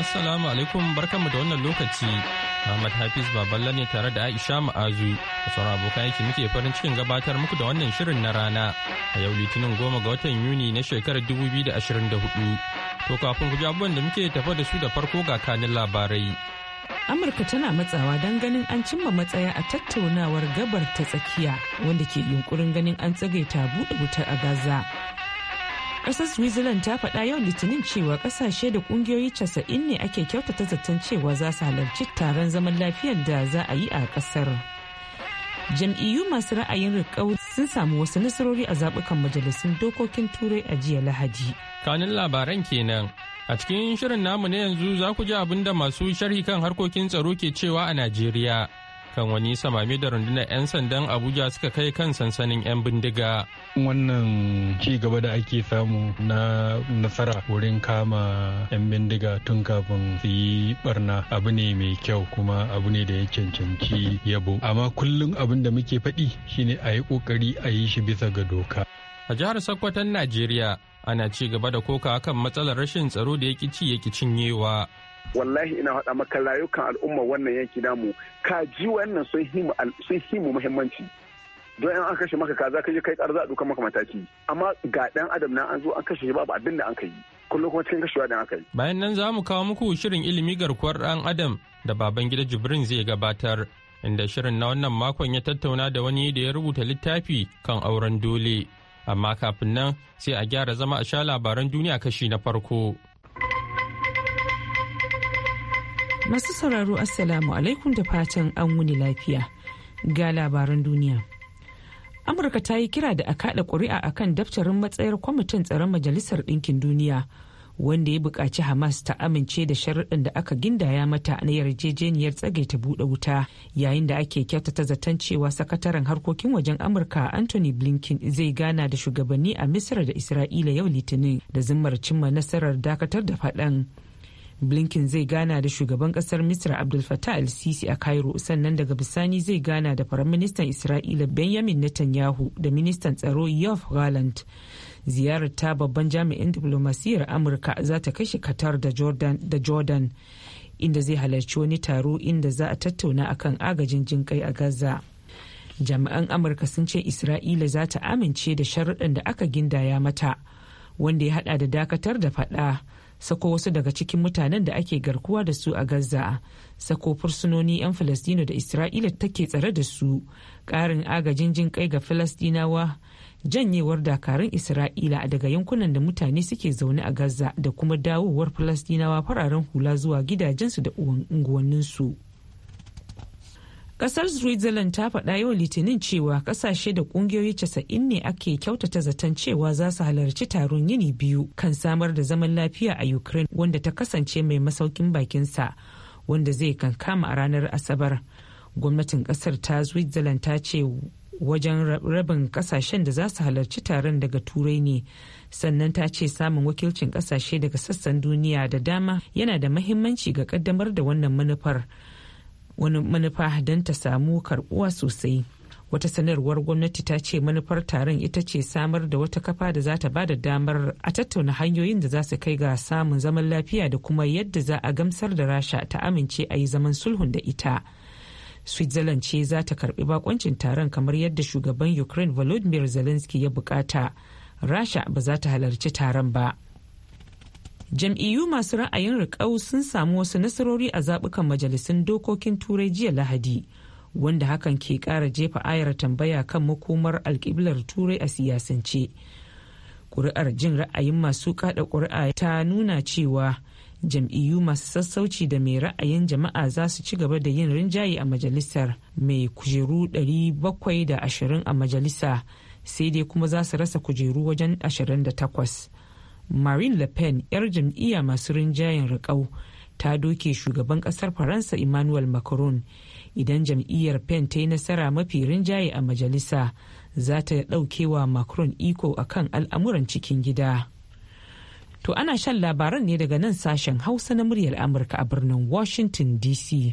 assalamu alaikum barkanmu da wannan lokaci. Muhammad Hafiz Baballa ne tare da Aisha Ma'azu da sauran abokan aiki muke farin cikin gabatar muku da wannan shirin na rana a yau Litinin goma ga watan Yuni na shekarar 2024. To kafin ku ji abubuwan da muke tafa da su da farko ga kanin labarai. Amurka tana matsawa don ganin an cimma matsaya a tattaunawar gabar ta tsakiya wanda ke yunkurin ganin an tsage ta buɗe wutar a Gaza. kasar Switzerland ta faɗa yau Litinin cewa ƙasashe da ƙungiyoyi casa'in ne ake kyautata zaton cewa za su halarci taron zaman lafiyar da za a yi a ƙasar. Jam'iyyu masu ra'ayin rikau sun samu wasu nasarori a zaɓukan majalisun dokokin Turai a jiya Lahadi. Kanin labaran kenan. A cikin shirin namu na yanzu za ku ji abin da masu sharhi kan harkokin tsaro ke cewa a Najeriya. kan wani samami da rundunar 'yan sandan abuja suka kai kan sansanin 'yan bindiga wannan ci gaba da ake samu na nasara wurin kama 'yan bindiga tun kafin su yi barna abu ne mai kyau kuma abu ne da ya cancanci yabo amma kullum abin da muke faɗi shine a yi ƙoƙari a yi shi bisa ga doka a jihar sokoton najeriya ana ci gaba da koka kan matsalar rashin tsaro da ya ci ya cinyewa wallahi ina haɗa maka rayukan al'umma wannan yanki namu kaji wannan sun himu muhimmanci don an kashe maka kaza ka je kai ƙarza a dukan maka mataki amma ga ɗan adam na an zo an kashe babu abin da an yi kullum kuma cikin kashewa da aka yi. bayan nan za mu kawo muku shirin ilimi garkuwar ɗan adam da baban gida jibrin zai gabatar inda shirin na wannan makon ya tattauna da wani da ya rubuta littafi kan auren dole amma kafin nan sai a gyara zama a sha labaran duniya kashi na farko. Masu sauraro Assalamu alaikum da fatan an wuni lafiya ga labaran duniya. Amurka ta yi kira da a kaɗa ƙuri'a a kan daftarin matsayar kwamitin tsaron Majalisar Ɗinkin Duniya wanda ya buƙaci Hamas ta amince da sharuɗin da aka gindaya mata na yarjejeniyar ta buɗe wuta yayin da ake kyautata zaton cewa sakataren harkokin wajen Amurka Anthony Blinken zai gana da shugabanni a Misra da Isra'ila yau Litinin da zimmar cimma nasarar dakatar da faɗan. blinken zai gana da shugaban kasar misra abdul fattah al-sisi a cairo sannan daga bisani zai gana da faraministan isra'ila benjamin netanyahu da ministan tsaro yof galant ziyarar ta babban jami'in diplomasiyyar amurka za ta kashe qatar da jordan da jordan inda zai halarci wani taro inda za a tattauna akan agajin jinkai a gaza jami'an amurka sun ce isra'ila za ta amince da sharuɗan da aka gindaya mata wanda ya hada da dakatar da fada sako wasu daga cikin mutanen da ake garkuwa da su a Gaza, sako fursunoni 'yan Falastino da Isra'ila take tsare da su, ƙarin agajin jin kai ga Falastinawa, janyewar dakarun Isra'ila daga yankunan da mutane suke zaune a Gaza da kuma dawowar Falastinawa fararen hula zuwa gidajensu da unguwanninsu. Kasar Switzerland ta faɗa yau Litinin cewa kasashe da ƙungiyoyi casa'in ne ake kyautata zaton cewa za su halarci taron yini biyu kan samar da zaman lafiya a Ukraine wanda ta kasance mai masaukin bakinsa wanda zai kankama a ranar Asabar. Gwamnatin kasar ta Switzerland ta ce wajen rabin kasashen da za su halarci taron daga turai ne sannan ta ce samun wakilcin kasashe daga sassan duniya da dama yana da mahimmanci ga ƙaddamar da wannan manufar. wani manufa don ta samu karbuwa sosai wata sanarwar gwamnati ta ce manufar taron ita ce samar da wata kafa da za ta ba da damar a tattauna hanyoyin da za su kai ga samun zaman lafiya da kuma yadda za a gamsar da rasha ta amince a yi zaman sulhun da ita switzerland ce za ta karbi bakoncin taron kamar yadda shugaban ukraine volodymyr zelensky ya bukata rasha ba za ta halarci taron ba jam'iyyu masu ra'ayin riƙau sun samu wasu nasarori a zaɓukan majalisun dokokin turai jiya lahadi wanda hakan ke ƙara jefa ayar tambaya kan makomar alkiblar turai a siyasance ƙuri'ar jin ra'ayin masu kaɗa ƙuri'a ta nuna cewa jam'iyyu masu sassauci da mai ra'ayin jama'a za su ci gaba da yin rinjaye a majalisar mai kujeru 720 a majalisa sai dai kuma za su rasa kujeru wajen 28 marine le pen 'yar jam'iyya masu rinjayen riƙau ta doke shugaban ƙasar faransa emmanuel macron idan jam'iyyar pen ta yi nasara mafi rinjaye a majalisa za ta ɗaukewa macron iko a kan al'amuran cikin gida to ana shan labaran ne daga nan sashen hausa na muryar amurka a birnin washington dc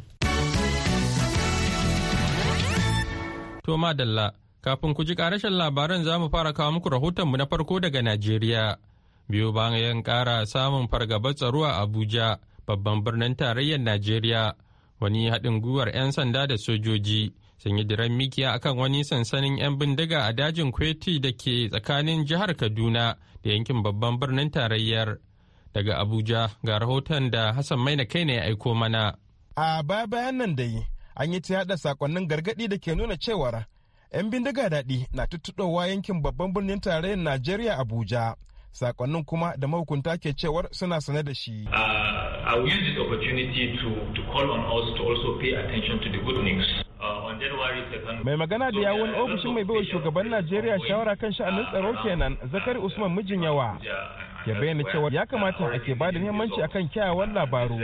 to madalla kafin ku ji ƙarashin labaran za mu fara kawo muku rahotonmu na farko daga najeriya biyu bayan kara samun fargabar tsaro a abuja babban birnin tarayyar najeriya wani haɗin gwiwar 'yan sanda da sojoji sun yi diren mikiya akan wani sansanin 'yan bindiga a dajin kweti da ke tsakanin jihar kaduna da yankin babban birnin tarayyar daga abuja ga rahoton da hassan na kai ne ya aiko mana a baya bayan nan dai an yi ta yada sakonnin gargadi da ke nuna cewa 'yan bindiga daɗi na tuttuɗowa yankin babban birnin tarayyar najeriya abuja sakonnin kuma da mahukunta ke cewar suna sane da shi. I Mai magana da yawon ofishin mai baiwa shugaban Najeriya shawara kan sha'anin tsaro uh, kenan Zakari Usman mijin yawa. Ya bayyana cewa ya uh, kamata a ke bada muhimmanci akan kyawawan uh, labaru.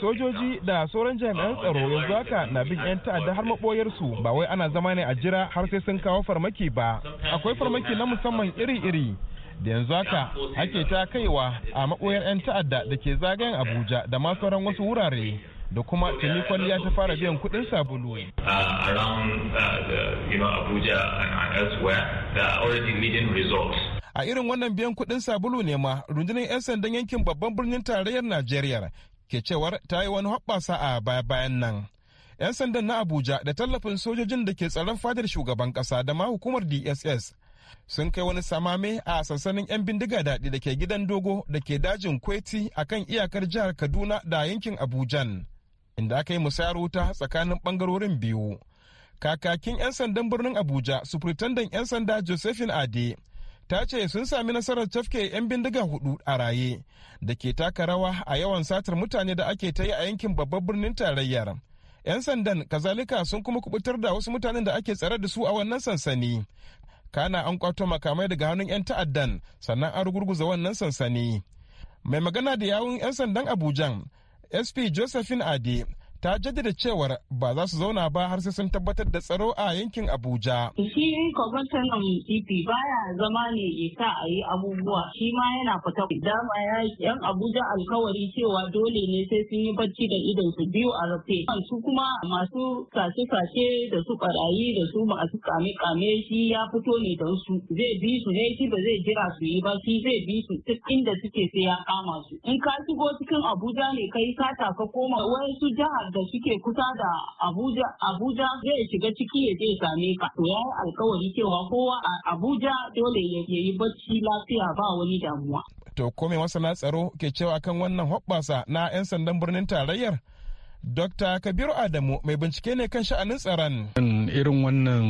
Sojoji da sauran jami'an tsaro yanzu haka na bin 'yan ta'adda har maɓoyarsu ba wai ana zama ne a jira har sai sun kawo farmaki ba. Akwai farmaki na musamman iri-iri. da yanzu haka ake ta kaiwa a maɓoyar 'yan ta'adda da ke zagayen abuja da ma sauran wasu wurare da kuma tuni kwalliya ta fara biyan kuɗin sabulu. A irin wannan biyan kuɗin sabulu ne ma rundunar 'yan sandan yankin babban birnin tarayyar Najeriya ke cewar ta yi wani hoɓɓasa a baya-bayan nan. 'Yan sandan na Abuja da tallafin sojojin da ke tsaron fadar shugaban ƙasa da ma hukumar DSS sun kai wani samame a sansanin 'yan bindiga daɗi da ke gidan dogo da ke dajin kweti a kan iyakar jihar kaduna da yankin abujan inda aka yi musayar wuta tsakanin ɓangarorin biyu kakakin 'yan sandan birnin abuja sufritandan 'yan sanda josephine ade ta ce sun sami nasarar cafke 'yan bindiga hudu a raye da ke taka rawa a yawan satar mutane da ake ta yi a yankin babban birnin tarayyar 'yan sandan kazalika sun kuma kubutar da wasu mutanen da ake tsare da su a wannan sansani kana an kwato makamai daga hannun 'yan ta'addan sannan an rugurguza wannan sansani mai magana da yawun 'yan sandan abujan sp josephine ade ta jaddada cewar ba za su zauna ba har sai sun tabbatar da tsaro a yankin Abuja. Shi kwamishinan DP e baya zama ne ya sa a yi abubuwa shi ma yana fita dama ya yan Abuja alkawari cewa dole ne sai sun yi bacci da idon su biyu a rufe. Su kuma masu sace-sace da su barayi da su masu kame-kame shi ya fito ne don su zai bi su ne shi ba zai jira su yi ba shi zai bi su duk inda suke sai ya kama su. In ka shigo cikin Abuja ne kai ka taka koma su jihar da suke kusa da Abuja zai shiga ciki ya je same ka to ya alkawari cewa kowa a Abuja dole ya yi bacci lafiya ba wani damuwa to ko masana tsaro ke cewa kan wannan hoɓɓasa na 'yan sandan birnin tarayyar dokta Kabiru Adamu mai bincike ne kan sha'anin tsaron. irin wannan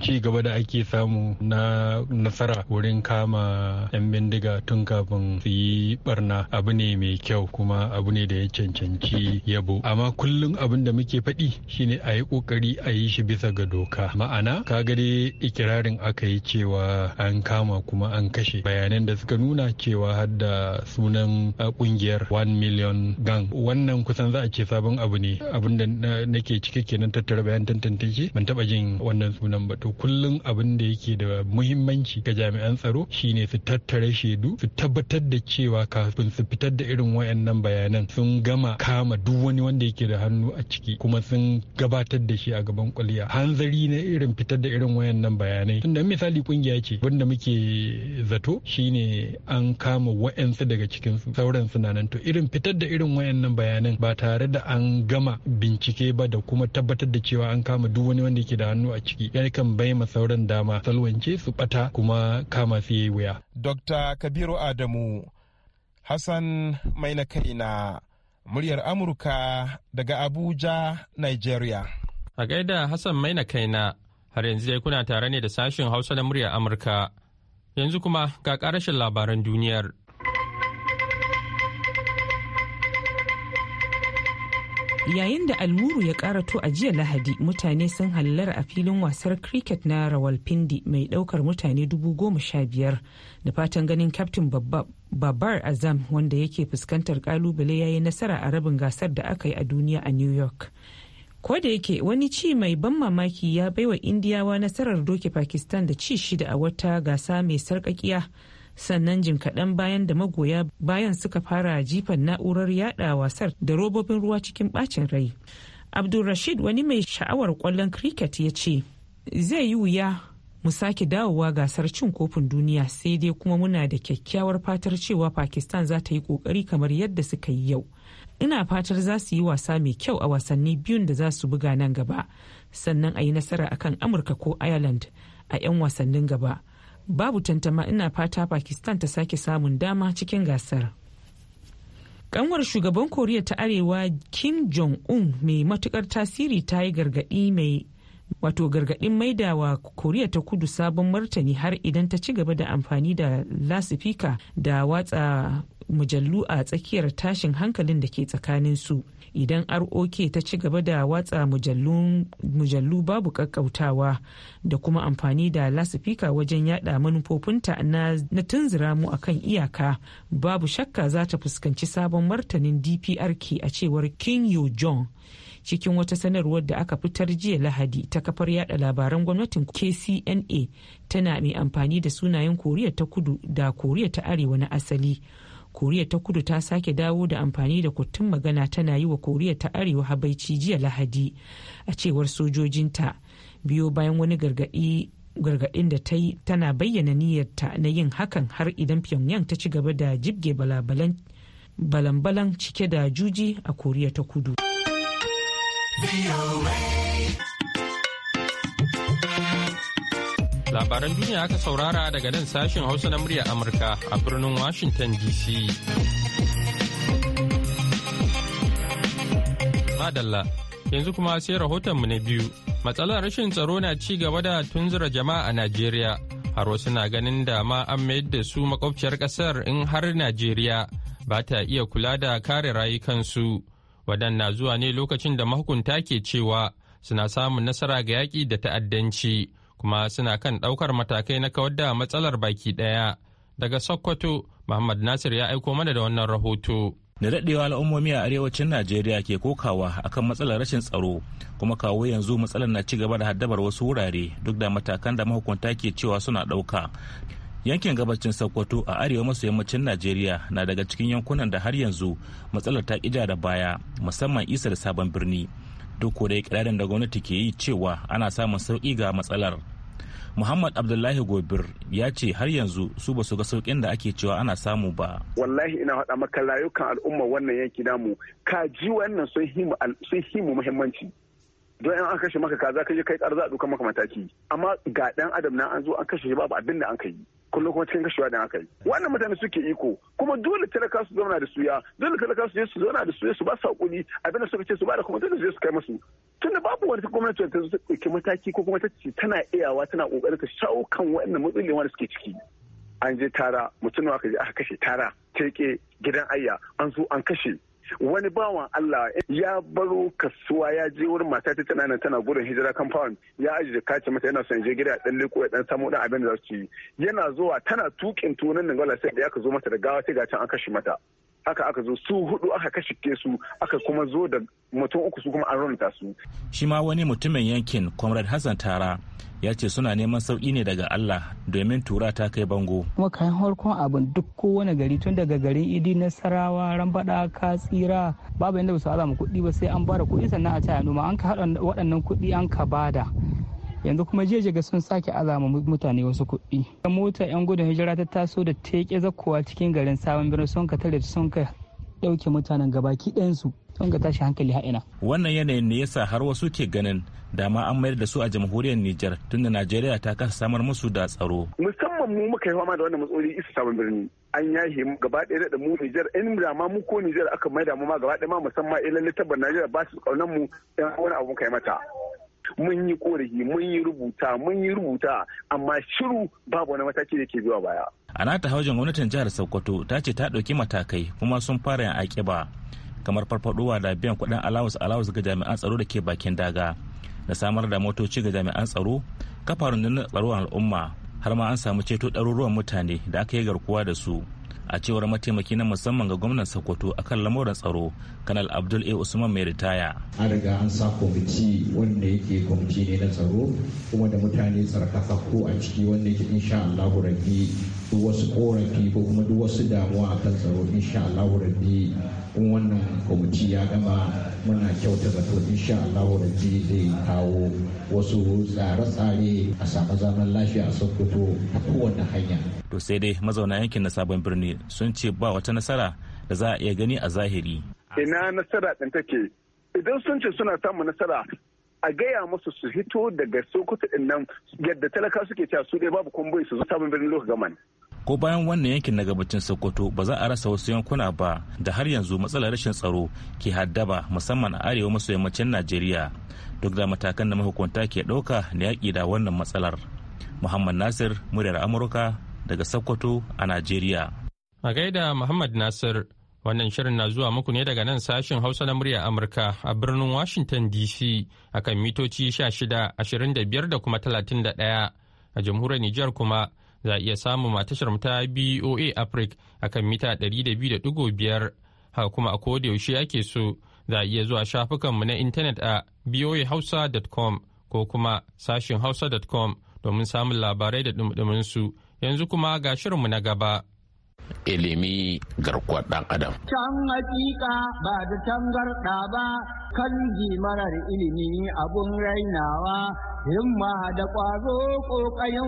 ci gaba da ake samu na nasara wurin kama 'yan bindiga tun kafin su yi barna abu ne mai kyau kuma abu ne da ya cancanci yabo amma kullum abin da muke faɗi shine a yi ƙoƙari a yi shi bisa ga doka ma'ana ka gade ikirarin aka yi cewa an kama kuma an kashe bayanan da suka nuna cewa har da sunan kungiyar 1 million gang wannan kusan za a ce sabon abu ne abin da nake cike kenan tattara bayan tantance ban taba jin wannan sunan ba to kullum abin da yake da muhimmanci ga jami'an tsaro shine su tattara shaidu su tabbatar da cewa kafin su fitar da irin wayannan bayanan sun gama kama duk wani wanda yake da hannu a ciki kuma sun gabatar da shi a gaban kuliya hanzari na irin fitar da irin wayannan bayanai tunda misali kungiya ce wanda muke zato shine an kama wayansu daga cikin su sauran suna nan to irin fitar da irin wayannan bayanan ba tare da an gama bincike ba da kuma tabbatar da cewa an kama duk wani wanda yake da hannu a ciki yakan bai ma sauran dama salwance su bata kuma kama su yi wuya. Dr. Kabiru Adamu Hassan mai na kaina muryar Amurka daga Abuja, Nigeria. A gaida Hassan mai na kaina har yanzu dai kuna tare ne da sashen Hausa na muryar Amurka. Yanzu kuma ga ƙarashin labaran duniyar. yayin da almuru ya karato a jiya lahadi mutane sun hallara a filin wasar cricket na rawalpindi mai daukar mutane dubu biyar da fatan ganin kyaftin babbar azam wanda yake fuskantar kalubale ya yi nasara a rabin gasar da aka yi a duniya a new york ko da yake wani ci mai ban mamaki ya baiwa indiyawa nasarar doke pakistan da ci shida a wata gasa mai sarkakiya sannan jin kaɗan bayan da magoya bayan suka fara jifan na'urar yada wasar da robobin ruwa cikin bacin rai abdulrashid wani mai sha'awar kwallon cricket ya ce zai yi wuya mu sake dawowa gasar cin kofin duniya sai dai kuma muna da kyakkyawar fatar cewa pakistan za ta yi kokari kamar yadda suka yi yau ina fatar za su yi wasa mai kyau a wasanni biyun da za su buga nan gaba sannan a yi nasara akan amurka ko ireland a 'yan wasannin gaba babu tantama ina fata pakistan ta sake samun dama cikin gasar kanwar shugaban koriya ta arewa kim jong-un mai matukar tasiri ta yi gargadi mai wato gargadin maidawa koriya ta kudu sabon martani har idan ta ci gaba da amfani da lasifika da watsa mujallu a tsakiyar tashin hankalin da ke tsakanin su idan rok ta ci gaba da watsa mujallu babu kakkautawa da kuma amfani da lasifika wajen yada manufofinta na tunziramu mu akan iyaka babu shakka za ta fuskanci sabon martanin dprk a cewar king yo jong cikin wata sanarwar da aka fitar jiya lahadi ta kafar yada labaran gwamnatin kcna tana mai amfani da sunayen koriya ta kudu da koriya ta arewa na asali koriya ta kudu ta sake dawo da amfani da kutun magana tana yi wa koriya ta arewa habaici jiya lahadi a cewar sojojinta biyo bayan wani gargaɗi gargaɗin da ta yi tana bayyana niyyarta na yin hakan har idan pyongyang ta ci gaba da jibge balan-balan cike da juji a koriya ta kudu. Labaran duniya aka saurara daga nan sashin Hausa na murya Amurka a birnin Washington DC. Madalla, yanzu kuma sai rahotonmu na biyu. Matsalar rashin tsaro na ci gaba da tunzura jama'a a Najeriya. Har wasu na ganin da ma an mayar da su makwabciyar ƙasar in har Najeriya ba ta iya kula da kare rayukansu. Waɗanna zuwa ne lokacin da mahukunta ke cewa suna samun nasara ga yaƙi da ta'addanci kuma suna kan ɗaukar matakai na kawar da matsalar baki ɗaya. Daga Sokoto, Muhammad Nasir ya aiko mana da wannan rahoto. da daɗewa al'ummomi a arewacin najeriya ke kokawa akan matsalar rashin tsaro kuma kawo yanzu matsalar na ci gaba da haddabar wasu wurare duk da matakan da mahukunta ke cewa suna ɗauka yankin gabacin sokoto a arewa maso yammacin najeriya na daga cikin yankunan da har yanzu matsalar ta ƙija da baya musamman isa da sabon birni duk da ikirarin da gwamnati ke yi cewa ana samun sauki ga matsalar muhammad abdullahi gobir ya ce har yanzu su ba su ga saukin da ake cewa ana samu ba wallahi ina faɗa maka rayukan al'umma wannan yanki namu kaji wannan sun himu muhimmanci don 'yan an kashe maka kaza ka je kai ƙarza a dukan maka mataki amma ga ɗan adam na an zo an kashe babu abin da an ka yi kullum kuma cikin kashewa ne aka yi wannan mutane suke iko kuma dole talaka su zauna da suya dole talaka su je su zauna da suya su ba su hakuri abinda suka ce su ba da kuma dole su je su kai musu da babu wani gwamnati ta zo ta mataki ko kuma ta ce tana iyawa tana ƙoƙarin ta shawo kan waɗannan matsalolin da suke ciki an je tara mutum aka je aka kashe tara teke gidan ayya an zo an kashe wani bawan Allah ya baro kasuwa ya je wurin mata ta tana tana gudun hijira compound ya ajiye kace mata yana son je gida dan leko ya dan samu dan abin da za su ci yana zuwa tana tukin tunan nan sai da aka zo mata da gawa sai ga can an kashe mata haka aka zo su hudu aka kashe su aka kuma zo da mutum uku su kuma an runta su shi ma wani mutumin yankin comrade Hassan Tara ya ce suna neman sauki ne daga Allah domin tura ta kai bango. Kuma kayan harkon abin duk kowane gari tun daga garin idi nasarawa rambada tsira. babu yadda ba su alama kuɗi ba sai an bada kuɗi sannan a ta noma an ka haɗa waɗannan kuɗi an ka bada. yanzu kuma jiya sun sake alama mutane wasu kuɗi. mota 'yan gudun hijira ta taso da teƙe zakkowa cikin garin sabon birnin sun ka tare sun ka ɗauke mutanen gabaki ɗayansu ga tashi hankali ha'ina. Wannan yanayin ne yasa har wasu ke ganin dama an mayar da su a jamhuriyar Nijar tunda Najeriya ta kasa samar musu da tsaro. Musamman mu muka yi fama da wannan matsaloli isa sabon birni. an yahe mu gaba ɗaya da mu Nijar in da ma mu ko Nijar aka da mu ma gaba ɗaya ma musamman ilan littabar Najeriya ba su kaunan mu ɗan wani abu kai mata. Mun yi ƙorafi mun yi rubuta, mun yi rubuta, amma shiru babu wani mataki da ke zuwa baya. A nata hawajin gwamnatin jihar Sokoto ta ce ta ɗauki matakai kuma sun fara yin aƙiba kamar farfadowa da biyan kuɗin alawus alawus ga jami'an tsaro da ke bakin daga da samar da motoci ga jami'an tsaro kafa rundunar tsaron al'umma har ma an samu ceto ɗaruruwan mutane da aka yi garkuwa da su a cewar mataimaki na musamman ga gwamnan sokoto akan lamuran tsaro kanal abdul a usman mai ritaya an riga an sa kwamiti wanda yake kwamiti ne na tsaro kuma da mutane tsarkaka ko a ciki wanda yake insha allahu rabbi duk wasu korafi ko kuma duk wasu damuwa akan tsaro insha allahu rabbi in wannan kwamiti ya gama muna kyauta zato insha allahu rabbi zai kawo wasu tsare-tsare a samu zaman lafiya a sokoto a kowane hanya to sai dai mazauna yankin na sabon birni sun ce ba wata nasara da za a iya gani a zahiri ina nasara ɗin take idan sun ce suna samun nasara a gaya masu su hito daga sokoto ɗin nan yadda talaka suke cewa su dai babu kwamboyi su zo sabon birnin lokacin gaman ko bayan wannan yankin na gabacin sokoto ba za a rasa wasu yankuna ba da har yanzu matsalar rashin tsaro ke haddaba musamman a arewa maso yammacin najeriya duk da matakan da mahukunta ke ɗauka na yaƙi da wannan matsalar muhammad nasir muryar amurka daga sokoto a najeriya A gaida Muhammad Nasir, wannan shirin na zuwa muku ne daga nan sashin Hausa na murya Amurka a birnin Washington DC akan mitoci 16, 25 da kuma 31 a jamhuriyar Nijar kuma za a iya samun matashar ta BOA Africa akan mita 200.5 haka kuma a yaushe ake so za a iya zuwa shafukanmu na intanet a boahausa.com ko kuma sashin hausa.com domin samun labarai da dumdumin su yanzu kuma ga shirinmu na gaba. ilimi garkuwar ɗan adam. Can hakika ba da tangarɗa ba kan marar ilimi abun rainawa himma da ƙwazo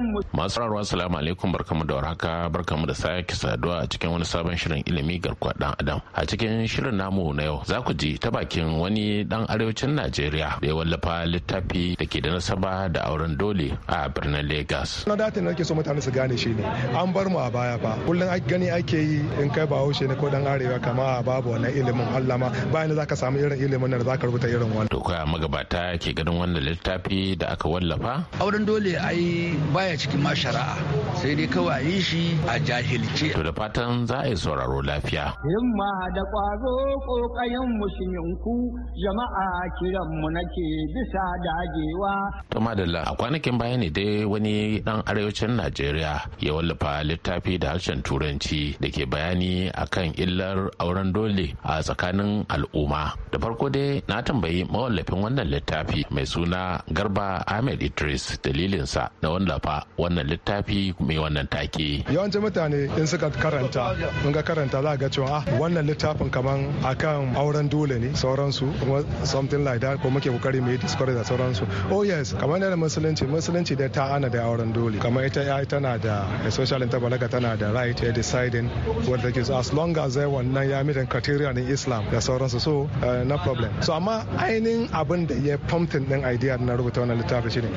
mu. Masu rarwa salamu alaikum barkamu da warhaka barkamu da sake saduwa a cikin wani sabon shirin ilimi garkuwar ɗan adam. A cikin shirin namu na yau za ku ji ta bakin wani dan arewacin Najeriya da ya wallafa littafi da ke da nasaba da auren dole a birnin Lagos. Na datin da nake so mutane su gane shi ne an bar mu a baya fa kullum gani gani ake yi in kai ba haushe ne ko dan arewa kama babu wannan ilimin Allah ma bayan da zaka samu irin ilimin nan zaka rubuta irin wannan to koya magabata ke ganin wannan littafi da aka wallafa auren dole ai baya cikin ma shari'a sai dai kawai yi shi a jahilce to da fatan za a yi sauraro lafiya himma da kwazo kokayen mushinku jama'a kiran mu nake bisa dagewa to madalla a kwanakin baya ne dai wani dan arewacin Najeriya ya wallafa littafi da harshen turanci gwamnati da ke bayani akan illar auren dole a tsakanin al'umma da farko dai na tambayi mawallafin wannan littafi mai suna garba ahmed idris dalilinsa na wallafa wannan littafi mai wannan take yawancin mutane in suka karanta ga karanta za ga cewa ah, wannan littafin kaman akan auren dole ne sauransu kuma something like that ko muke kokari mu yi discourage da sauransu oh yes kamar da musulunci musulunci da ta ana da auren dole kamar ita ya tana da social intervalaga tana da right ya decide deciding what ke as long as they nan ya mitan criteria na islam da sauransu so eh, na problem so amma ainihin abin da ya prompting din idea na rubuta wannan littafi shine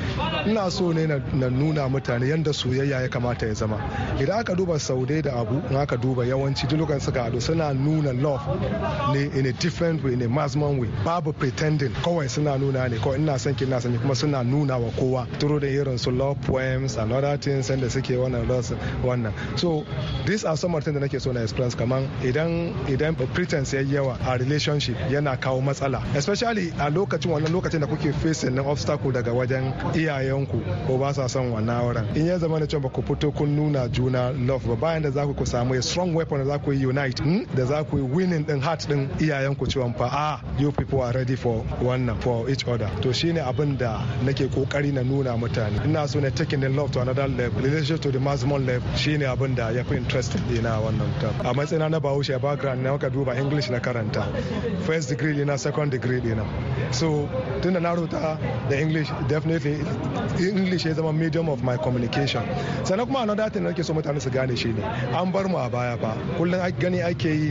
ina so ne na nuna mutane yanda soyayya ya kamata ya zama idan aka duba saude da abu in aka duba yawanci duk lokacin suka hadu suna nuna love ne in a different way in a maximum way babu pretending kawai suna nuna ne kawai ina son ki ina son kuma suna nuna wa kowa through the irin su love poems and other things da suke wannan wannan so this are son somar da nake so na experience kaman idan idan pretense yayi yawa a relationship yana kawo matsala especially a lokacin wannan lokacin da kuke facing na obstacle daga wajen iyayenku ko ba sa son wannan auren in ya zama da cewa ba ku fito kun nuna juna love ba bayan da za ku samu a strong weapon da za ku yi unite hmm, da za ku winning din heart din iyayenku cewa fa a ah, you people are ready for wannan for each other to shine abin da nake kokari na nuna mutane ina so na taking the love to another level relationship to the maximum level shine abin da ya fi interesting dina a wannan ta. a matsayina na bahaushe a background na ka duba english na karanta first degree dina second degree dina so tunda na rubuta da english definitely english ya zama medium of my communication sannan kuma another thing da nake so mutane su gane shi ne an bar mu a baya ba kullum gani ake yi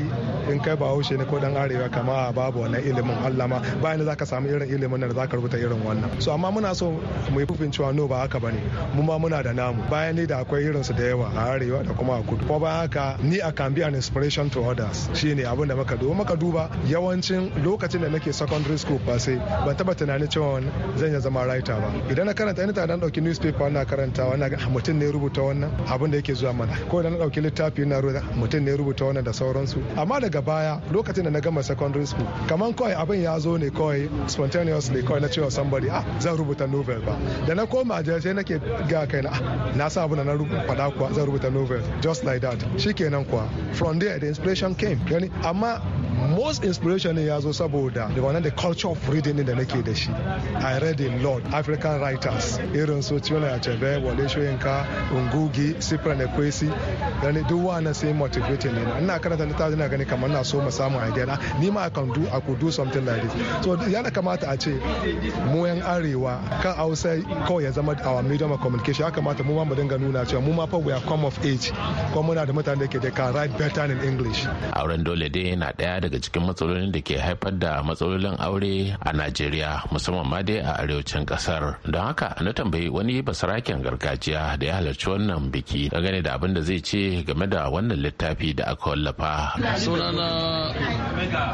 in kai bahaushe ne ko dan arewa kama babu wannan ilimin allama bayan za ka samu irin ilimin da za ka rubuta irin wannan so amma muna so mu yi kufin cewa no ba haka bane mu ma muna da namu bayan ne da akwai irinsu da yawa a arewa da kuma a kudu kuma haka ni a can be an inspiration to others shine abin da muka duba muka duba yawancin lokacin da nake secondary school ba sai ban taba tunanin cewa zan ya zama writer ba idan na karanta ina dan dauki newspaper na karanta wannan ga ah, mutum ne rubuta wannan abin da yake zuwa mana ko idan na dauki littafi na rubuta ah, mutum ne rubuta wannan da sauransu amma daga baya lokacin da na gama secondary school kaman kawai abin ya zo ne kawai spontaneously kawai na cewa somebody ah zan rubuta novel ba da na koma a sai nake ga kaina ah, na sa abin da na faɗa kuwa zan rubuta novel just like that shikenan kuwa from there the inspiration came gani amma most inspiration ya zo saboda da wannan da culture of reading da nake da shi i read a lot african writers irin su Chiona Achebe Wole Soyinka Ngugi Cyprian Ekwesi gani duk wannan sai motivating ne ina karanta littafin ina gani kamar na so mu samu idea ni ma I can do I could do something like this so yana kamata a ce mu yan arewa kan Hausa kawai ya zama our medium of communication ya kamata mu ma mu dinga nuna cewa mu ma fa we are come of age kuma muna da mutane da ke da can write better in English auren dole dai na daya daga daga cikin matsalolin da ke haifar da matsalolin aure a najeriya musamman ma dai a arewacin kasar don haka na tambayi wani basaraken gargajiya da ya halarci wannan biki gane da abin da zai ce game da wannan littafi da aka wallafa sunana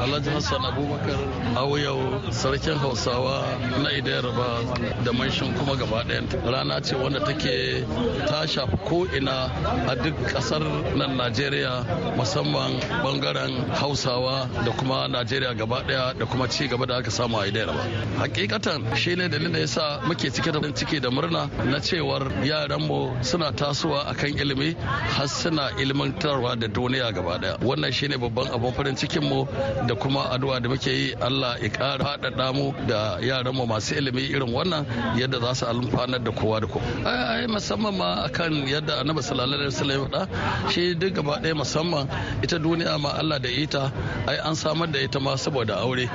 alhaji hassan abubakar auyau sarkin hausawa na idaraba da manshin kuma gaba rana ce wanda take ta shafi ko ina a duk kasar nan najeriya musamman bangaren hausawa da kuma najeriya gaba daya da kuma ci gaba da aka samu a idayar ba hakikatan shi ne dalilin da sa muke cike da ciki da murna na cewar yaranmu suna tasowa akan ilimi har suna ilmantarwa da duniya gaba daya wannan shi ne babban abin farin cikin mu da kuma addu'a da muke yi Allah ya ƙara haɗaɗa mu da yaranmu masu ilimi irin wannan yadda za su alfanar da kowa da kowa ai musamman ma akan yadda annabi sallallahu alaihi wasallam ya faɗa shi duk gaba daya musamman ita duniya ma Allah da ita ai an samar da ita ma saboda aure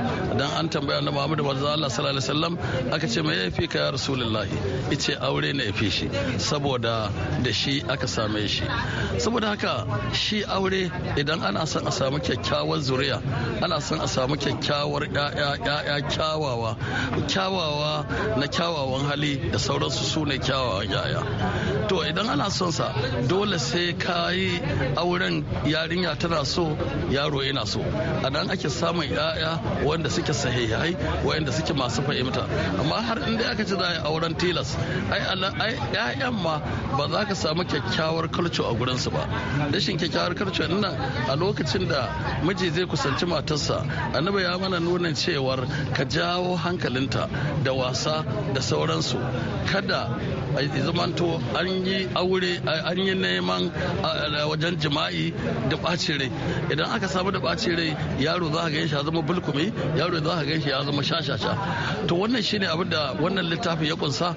dan an tambaya na Muhammadu manzo Allah sallallahu alaihi wasallam aka ce mai yafi ka ya rasulullahi ice aure ne yafi shi saboda da shi aka same shi saboda haka shi aure idan ana son a samu kyakkyawar zuriya ana son a samu kyakkyawar ya'ya kyawawa kyawawa na kyawawan hali da sauransu su ne kyawawan ya'ya to idan ana son sa dole sai ka auren yarinya tana so yaro yana so a nan ake samun 'ya'ya wanda suke sahihai wanda suke masu fahimta amma har inda aka ci za a auren tilas ai ai 'ya'yan ma ba za ka samu kyakkyawar kalco a gurinsu ba rashin kyakkyawar kalco nan a lokacin da miji zai kusanci matarsa annabi ya mana nuna cewar ka jawo hankalinta da wasa da sauransu kada zamanto an yi aure an yi neman wajen jima'i da ɓacin rai idan aka samu da ɓacin rai yaro za ka gan shi ya zama bulkumi yaro za a gan shi ya zama shashasha to wannan shine abin da wannan littafin ya kunsa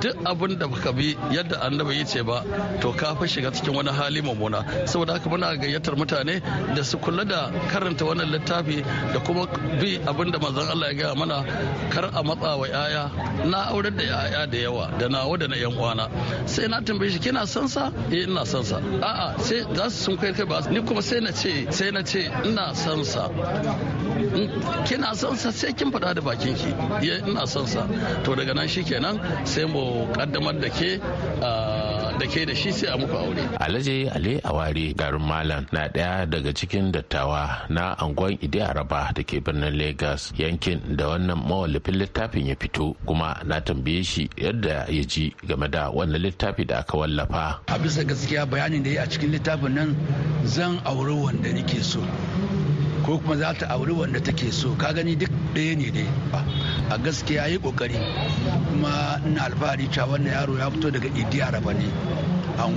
duk abin da baka bi yadda annabi ya ce ba to ka fi shiga cikin wani hali mummuna saboda haka muna gayyatar mutane da su kula da karanta wannan littafi da kuma bi abin da manzon Allah ya gaya mana kar a matsa wa yaya na aurar da yaya da yawa da nawa da na yan uwana sai na tambaye shi kina son sa eh ina son sa a'a sai za su sun kai kai ba ni kuma sai na ce sai na ce ina son sa mm, kina son sa sai kin faɗa da bakin ki eh ina son sa to daga nan shikenan sai mu kaddamar da ke ah, da ke da shi sai a muku aure alhaji ali awari garin malam na daya daga cikin dattawa na angon ide araba da ke birnin lagos yankin da wannan mawallafin littafin ya fito kuma na tambaye shi yadda ya ji game da wannan littafi da aka wallafa a bisa gaskiya bayanin da ya a cikin littafin nan zan auri wanda nake so ko kuma za ta auri wanda take so ka gani duk ɗaya ne dai a gaskiya yi kokari kuma ina alfahari cewa wannan yaro ya fito daga idi araba ne a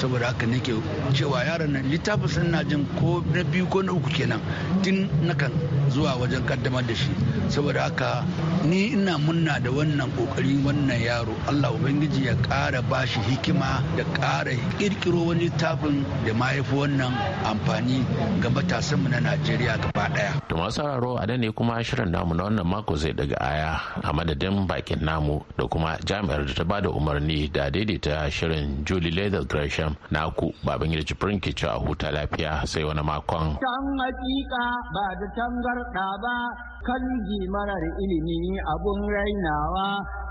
saboda haka nake cewa yaron nan littafin sun na jin ko na biyu ko na uku kenan tun nakan zuwa wajen kaddamar da shi saboda haka ni ina munna da wannan kokari wannan yaro allah ubangiji ya ƙara bashi hikima da ƙara kirkiro wani littafin da ma fi wannan amfani ga matasanmu na najeriya gaba daya to masu sauraro a ne kuma shirin namu na wannan mako zai daga aya a madadin bakin namu da kuma jami'ar da ta bada umarni da daidaita shirin julie leather gresham naku babangida ya jibrin ke a huta lafiya sai wani makon. Can hakika ba da tangarɗa ba kan marar ilimi abun rainawa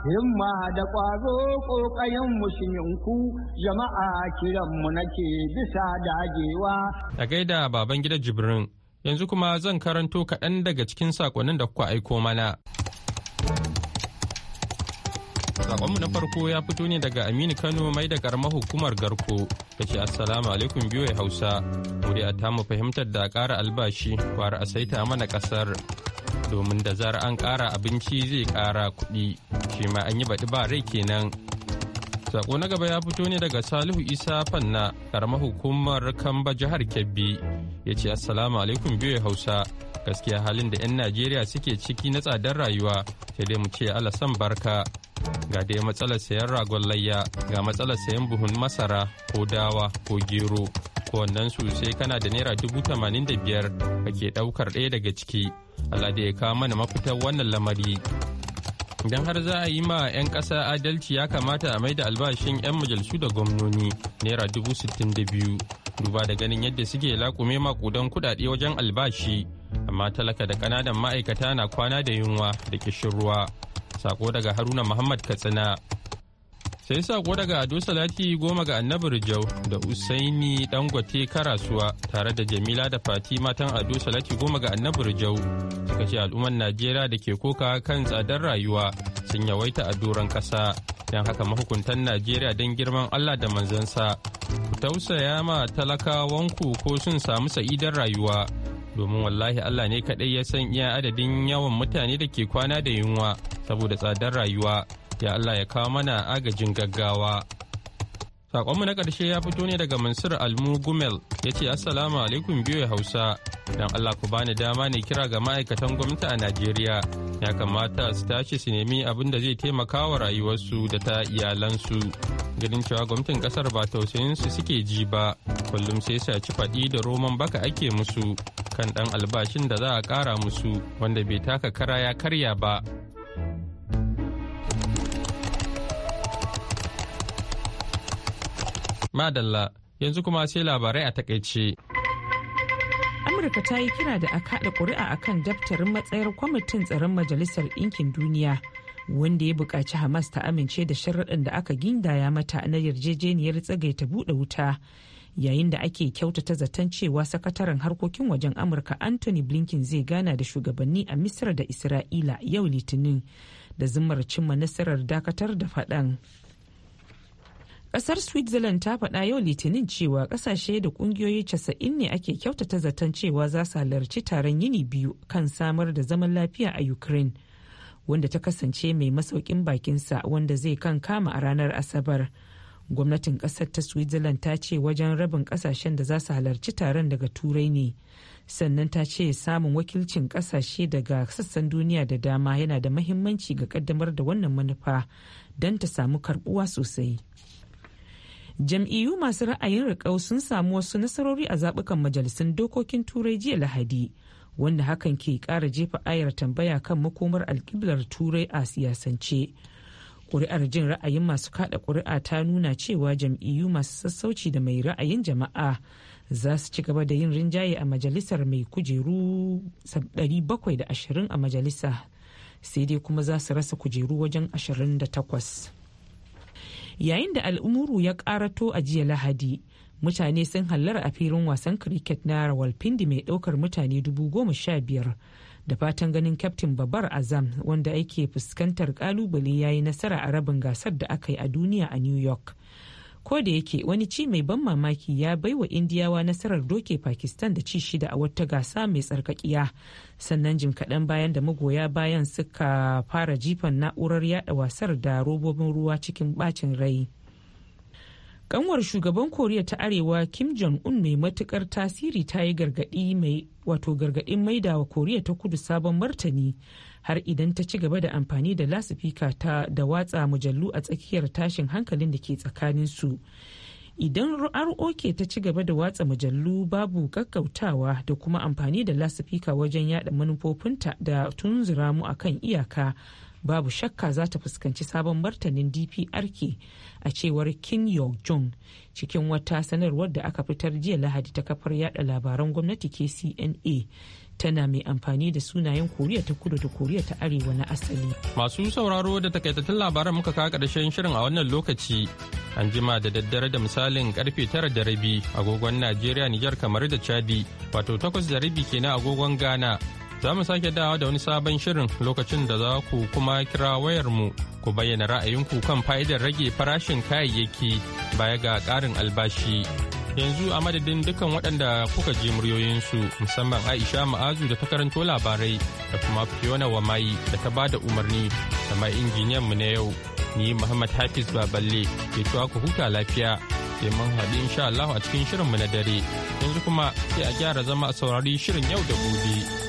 himma da ƙwazo ƙoƙayen musulminku jama'a kiranmu nake bisa dagewa. A gaida baban gida Jibrin yanzu kuma zan karanto kaɗan daga cikin saƙonnin da kuka aiko mana. Sakonmu na farko ya fito ne daga Aminu Kano mai da karamar hukumar Garko da ce Assalamu alaikum Hausa. Muri a tamu fahimtar da ƙara albashi kwara a saita mana ƙasar. Domin da zara an ƙara abinci zai ƙara kuɗi. Shi ma an yi baɗi ba rai kenan. Sako na gaba ya fito ne daga Salihu Isa Fanna karamar hukumar Kamba jihar Kebbi. ya ce assalamu alaikum biyu hausa gaskiya halin da 'yan najeriya suke ciki na tsadar rayuwa sai dai mu ce san barka ga dai matsalar sayan ragon layya ga matsalar sayan buhun masara ko dawa ko gero kowannen su sai kana da naira dubu tamanin da biyar kake daukar ɗaya daga ciki allah da ya kawo mana mafitar wannan lamari idan har za a yi ma 'yan ƙasa adalci ya kamata a maida albashin 'yan majalisu da gwamnoni naira dubu sittin da biyu duba da ganin yadda suke lakume makudan kudade wajen albashi amma talaka da kananan ma'aikata na kwana da yunwa da kishin ruwa sako daga haruna muhammad katsina sai sako daga ado salati goma ga annabi jau da usaini dangote karasuwa tare da jamila da fati matan ado salati goma ga annabi jau suka ce al'ummar najeriya da ke koka kan tsadar rayuwa sun yawaita a doron kasa don haka mahukuntan najeriya don girman allah da manzansa ku tausaya ma talakawanku ko sun samu sa'idar rayuwa domin wallahi Allah ne kaɗai ya san iya adadin yawan mutane da ke kwana da yunwa saboda tsadar rayuwa ya Allah ya kawo mana agajin gaggawa. saƙonmu na ƙarshe ya fito ne daga Mansur Almu Gumel ya ce Assalamu alaikum biyu Hausa don Allah ku bani dama ne kira ga ma'aikatan gwamnati a Najeriya ya kamata su tashi su nemi abin da zai taimaka wa rayuwarsu da ta iyalansu ganin cewa gwamnatin ƙasar ba tausayin su suke ji ba kullum sai su ci faɗi da roman baka ake musu kan ɗan albashin da za a ƙara musu wanda bai taka kara ya karya ba Madalla yanzu kuma sai labarai a takaice. Amurka ta yi kira da a kaɗa ƙuri'a a kan daftarin matsayar kwamitin tsaron Majalisar Ɗinkin Duniya wanda ya buƙaci Hamas ta amince da sharaɗin da aka gindaya mata na yarjejeniyar ta buɗe wuta yayin da ake kyautata zaton cewa sakataren harkokin wajen Amurka Anthony Blinken zai gana da shugabanni a Misra da Isra'ila yau Litinin da zumar cimma nasarar dakatar da faɗan. Kasar Switzerland ta faɗa yau Litinin cewa ƙasashe da ƙungiyoyi casa'in ne ake kyautata zaton cewa za su halarci taron yini biyu kan samar da zaman lafiya a Ukraine, wanda ta kasance mai masaukin bakinsa wanda zai kan kama a ranar Asabar. Gwamnatin ƙasar ta Switzerland ta ce wajen rabin ƙasashen da za su halarci taron daga Turai ne, sannan ta ce samun wakilcin ƙasashe daga sassan duniya da dama yana da mahimmanci ga ƙaddamar da wannan manufa don ta samu karbuwa sosai. jam'iyyu masu ra'ayin riƙau sun samu wasu nasarori a zaɓukan majalisun dokokin turai jiya lahadi wanda hakan ke ƙara jefa ayar tambaya kan makomar alƙiblar turai a siyasance ƙuri'ar jin ra'ayin masu kaɗa ƙuri'a ta nuna cewa jam'iyyu masu sassauci da mai ra'ayin jama'a za su ci gaba da yin rinjaye a majalisar mai kujeru 720 a majalisa sai dai kuma za su rasa kujeru wajen 28. yayin da al'umuru ya karato a jiya lahadi mutane sun hallara a filin wasan cricket na rawalpindi mai daukar mutane dubu goma sha biyar da fatan ganin kaftin babar azam wanda ake fuskantar kalubale yayi nasara a rabin gasar da aka yi a duniya a new york ko da yake wani ci mai ban mamaki ya bai wa indiyawa nasarar doke pakistan da ci shida a wata gasa mai tsarkakiya sannan jim kaɗan bayan da magoya bayan suka fara jifan na'urar yada wasar da robobin ruwa cikin bacin rai kanwar shugaban koriya ta arewa kim jong-un mai matukar tasiri ta yi gargaɗi mai wato gargaɗin maida wa koriya ta kudu sabon martani har idan ta ci gaba da amfani da lasifika ta da watsa mujallu a tsakiyar tashin hankalin da ke tsakanin su idan rok ta ci gaba da watsa mujallu babu kakkautawa da kuma amfani da lasifika wajen yada manufofinta da tunzura mu kan iyaka babu shakka za ta fuskanci sabon martanin dprk a cewar kim yong jong cikin wata sanarwar da aka fitar jiya lahadi ta kafar yada labaran gwamnati kcna tana mai amfani da sunayen koriya ta kudu da koriya ta arewa na asali masu sauraro da takaitattun labaran muka kawo karshen shirin a wannan lokaci an jima da daddare da misalin karfe tara da rabi agogon najeriya nijar kamar da chadi wato takwas da rabi kenan agogon ghana za mu sake dawa da wani sabon shirin lokacin da za ku kuma kira mu ku bayyana ra'ayinku kan fa'idar rage farashin kayayyaki baya ga ƙarin albashi yanzu a madadin dukkan waɗanda kuka je muryoyinsu musamman aisha ma'azu da ta karanto labarai da kuma fiona mai da ta ba da umarni da mai injiniyan mu na yau ni muhammad hafiz baballe ke cewa ku huta lafiya sai mun haɗu insha allahu a cikin shirinmu na dare yanzu kuma sai a gyara zama a saurari shirin yau da gobe.